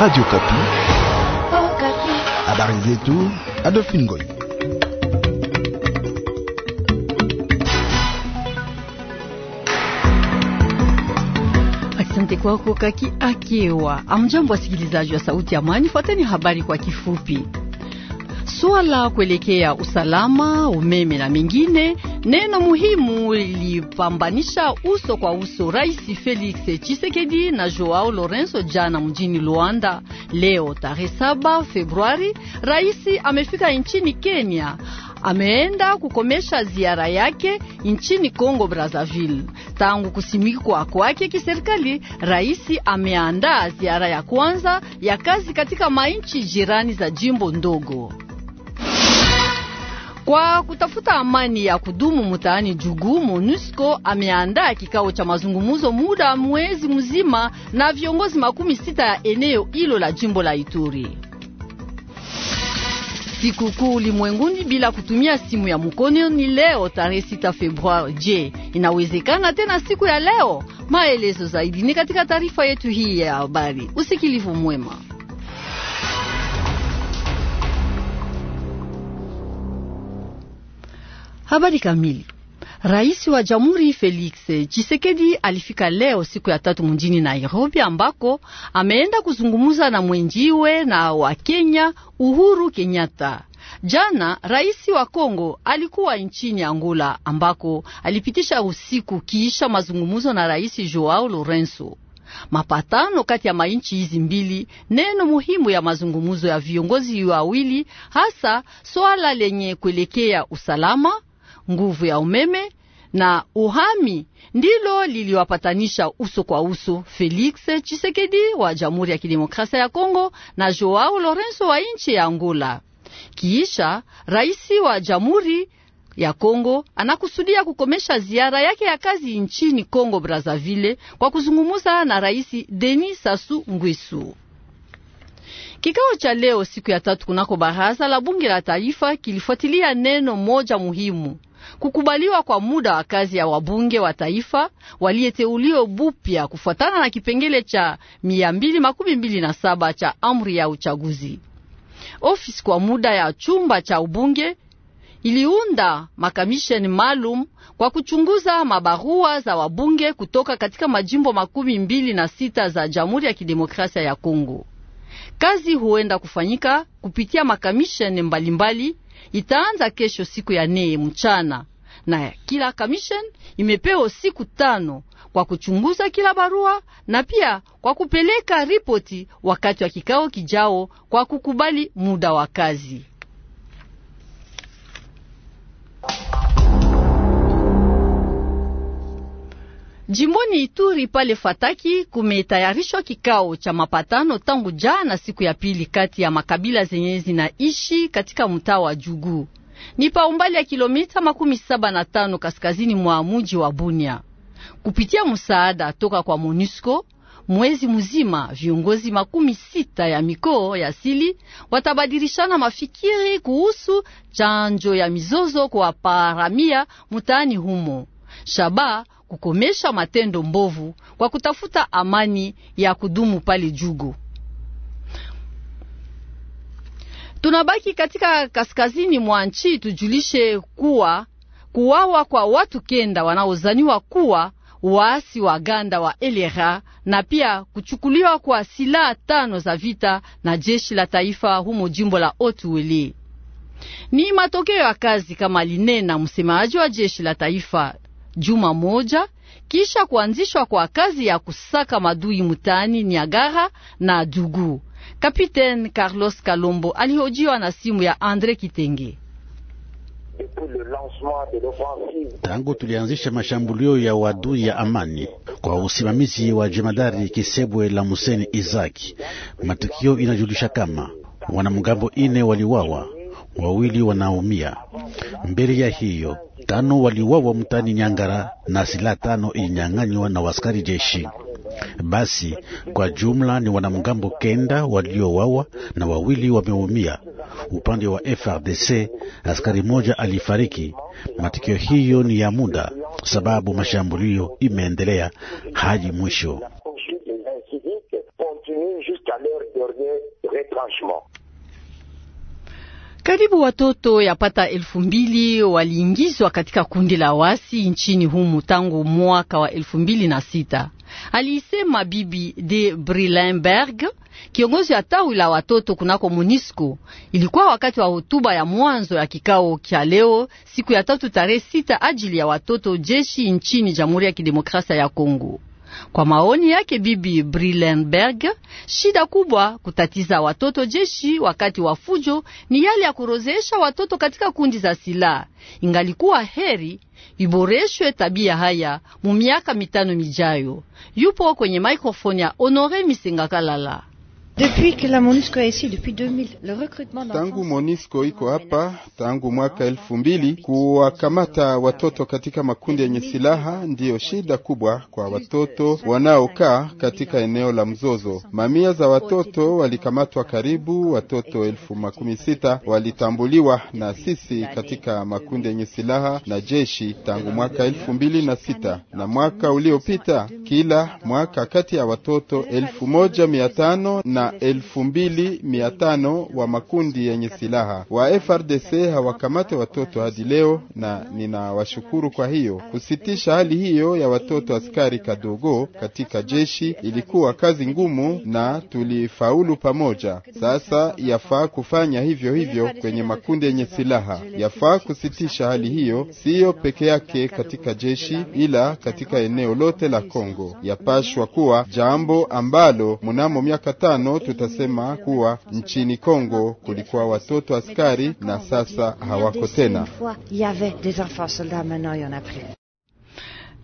Radio Kapi. Oh, Kapi. Habari zetu Adolphine Ngoy. Asante kwako Kaki Akewa. Amjambo wasikilizaji wa Sauti ya Amani, fuateni habari kwa kifupi. Swala kuelekea usalama, umeme na mengine Neno muhimu lilipambanisha uso kwa uso Rais Felix Tshisekedi na Joao Lorenzo jana mjini Luanda. Leo tarehe saba Februari, rais amefika nchini Kenya. Ameenda kukomesha ziara yake nchini Kongo Brazzaville. Tangu kusimikwa kwake kiserikali, rais ameandaa ziara ya kwanza ya kazi katika mainchi jirani za jimbo ndogo. Kwa kutafuta amani ya kudumu mtaani Jugu, MONUSCO ameandaa kikao cha mazungumzo muda mwezi mzima na viongozi makumi sita ya eneo hilo la jimbo la Ituri. Sikukuu ulimwenguni bila kutumia simu ya mkono ni leo tarehe 6 Februari. Je, inawezekana tena siku ya leo? Maelezo zaidi ni katika taarifa yetu hii ya habari. Usikilivu mwema. Habari kamili. Rais wa Jamhuri Felix Tshisekedi alifika leo siku ya tatu mjini Nairobi ambako ameenda kuzungumza na mwenjiwe na wa Kenya Uhuru Kenyatta. Jana rais wa Kongo alikuwa nchini Angola ambako alipitisha usiku kiisha mazungumzo na Rais Joao lorenso Mapatano kati ya mainchi hizi mbili, neno muhimu ya mazungumzo ya viongozi wawili, hasa swala lenye kuelekea usalama nguvu ya umeme na uhami ndilo liliwapatanisha uso kwa uso Felix chisekedi wa Jamhuri ya Kidemokrasia ya Kongo na Joao Lorenzo wa nchi ya Angola. Kiisha rais wa Jamhuri ya Kongo anakusudia kukomesha ziara yake ya kazi nchini Kongo Brazzaville kwa kuzungumza na Rais Denis Sassou Nguesso. Kikao cha leo siku ya tatu kunako baraza la bunge la taifa kilifuatilia neno moja muhimu kukubaliwa kwa muda wa kazi ya wabunge wa taifa waliyeteuliwa bupya kufuatana na kipengele cha 227 cha amri ya uchaguzi. Ofisi kwa muda ya chumba cha ubunge iliunda makamisheni maalum kwa kuchunguza mabarua za wabunge kutoka katika majimbo makumi mbili na sita za Jamhuri ya Kidemokrasia ya Kongo. Kazi huenda kufanyika kupitia makamisheni mbalimbali itaanza kesho siku ya nne mchana, na kila commission imepewa siku tano kwa kuchunguza kila barua na pia kwa kupeleka ripoti wakati wa kikao kijao kwa kukubali muda wa kazi. Jimboni Ituri pale Fataki kumetayarishwa kikao cha mapatano tangu jana siku ya pili kati ya makabila zenye zinaishi katika mtaa wa Jugu. Ni pa umbali ya kilomita makumi saba na tano kaskazini mwa mji wa Bunia. Kupitia msaada toka kwa MONUSCO mwezi mzima, viongozi makumi sita ya mikoo ya asili watabadilishana mafikiri kuhusu chanjo ya mizozo kwa paramia mtaani humo. Shaba kukomesha matendo mbovu kwa kutafuta amani ya kudumu pale Jugo. Tunabaki katika kaskazini mwa nchi, tujulishe kuwa kuwawa kwa watu kenda wanaozaniwa kuwa waasi wa ganda wa elera na pia kuchukuliwa kwa silaha tano za vita na jeshi la taifa humo jimbo la Otuele ni matokeo ya kazi kama linena msemaji wa jeshi la taifa juma moja kisha kuanzishwa kwa kazi ya kusaka madui mutani Niagara na Dugu. Kapiteni Carlos Kalombo alihojiwa na simu ya Andre Kitenge. Tangu tulianzisha mashambulio ya wadui ya amani kwa usimamizi wa jemadari Kisebwe la Museni Izaki, matukio inajulisha kama wanamgambo ine waliwawa, wawili wanaumia. Mbele ya hiyo tano waliuawa mtani Nyangara na silaha tano ilinyang'anywa na waskari jeshi. Basi kwa jumla ni wanamgambo kenda waliowawa na wawili wameumia. Upande wa FRDC askari moja alifariki. Matukio hiyo ni ya muda, sababu mashambulio imeendelea hadi mwisho. Karibu watoto yapata elfu mbili waliingizwa katika kundi la wasi nchini humu tangu mwaka wa elfu mbili na sita, aliisema Bibi de Brilenberg, kiongozi ya tawi la watoto kunako MONUSCO. Ilikuwa wakati wa hotuba ya mwanzo ya kikao kya leo siku ya tatu tarehe sita ajili ya watoto jeshi nchini Jamhuri ya Kidemokrasia ya Kongo. Kwa maoni yake Bibi Brilenberg, shida kubwa kutatiza watoto jeshi wakati wa fujo ni yale ya kurozesha watoto katika kundi za silaha. Ingalikuwa heri iboreshwe tabia haya mu miaka mitano mijayo. Yupo kwenye mikrofoni ya Honore Misengakalala. Tangu MONUSCO iko hapa tangu mwaka elfu mbili, kuwakamata watoto katika makundi yenye silaha ndiyo shida kubwa kwa watoto wanaokaa katika eneo la mzozo. Mamia za watoto walikamatwa, karibu watoto elfu makumi sita walitambuliwa na sisi katika makundi yenye silaha na jeshi tangu mwaka elfu mbili na sita na mwaka uliopita, kila mwaka kati ya watoto elfu moja mia tano na elfu mbili mia tano wa makundi yenye silaha wa FRDC hawakamate watoto hadi leo, na ninawashukuru kwa hiyo. Kusitisha hali hiyo ya watoto askari kadogo katika jeshi ilikuwa kazi ngumu na tulifaulu pamoja. Sasa yafaa kufanya hivyo hivyo kwenye makundi yenye silaha. Yafaa kusitisha hali hiyo, siyo peke yake katika jeshi, ila katika eneo lote la Kongo. Yapashwa kuwa jambo ambalo mnamo miaka tano mfano tutasema kuwa nchini Kongo kulikuwa watoto askari na sasa hawako tena.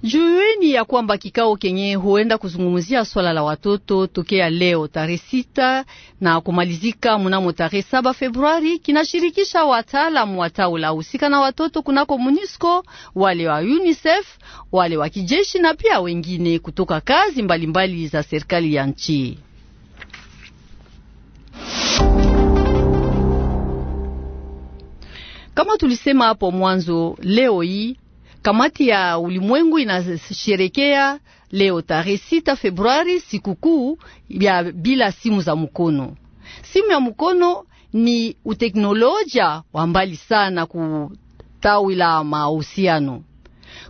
Jueni ya kwamba kikao kenye huenda kuzungumzia swala la watoto tokea leo tarehe sita na kumalizika mnamo tarehe saba Februari kinashirikisha wataalamu wa tawi la husika na watoto kunako MONUSCO, wale wa UNICEF, wale wa kijeshi na pia wengine kutoka kazi mbalimbali mbali za serikali ya nchi. Kama tulisema hapo mwanzo, leo hii kamati ya ulimwengu inasherekea leo tarehe sita Februari sikukuu ya bila simu za mkono. Simu ya mkono ni uteknolojia wa mbali sana ku tawi la mahusiano.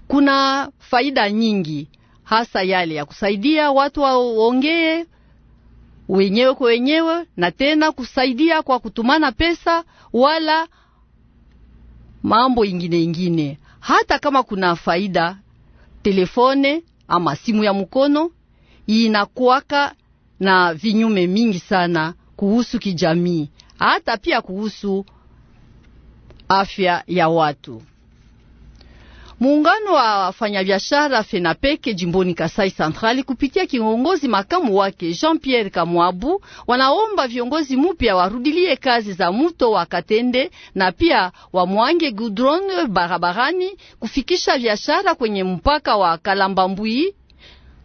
Kuna faida nyingi, hasa yale ya kusaidia watu waongee wenyewe kwa wenyewe, na tena kusaidia kwa kutumana pesa wala mambo ingine ingine. Hata kama kuna faida, telefone ama simu ya mkono inakuwaka na vinyume mingi sana kuhusu kijamii, hata pia kuhusu afya ya watu. Muungano wa wafanyabiashara Fenapeke jimboni Kasai Centrali kupitia kiongozi makamu wake Jean-Pierre Kamwabu wanaomba viongozi mupya warudilie kazi za muto wa Katende na pia wamwange gudron barabarani kufikisha biashara kwenye mpaka wa Kalambambui,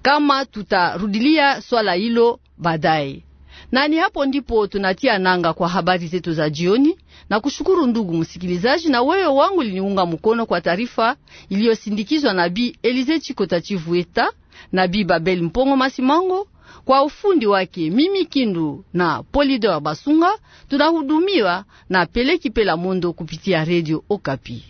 kama tutarudilia swala hilo baadaye na ni hapo ndipo tunatia nanga kwa habari zetu za jioni, na kushukuru ndugu msikilizaji na wewe wangu liniunga mkono kwa taarifa iliyosindikizwa na Bi Elize Chikota Chivueta na Bi Babel Mpongo Masimango kwa ufundi wake. Mimi Kindu na Polidor Basunga tunahudumiwa na Peleki Pela Mondo kupitia redio Okapi.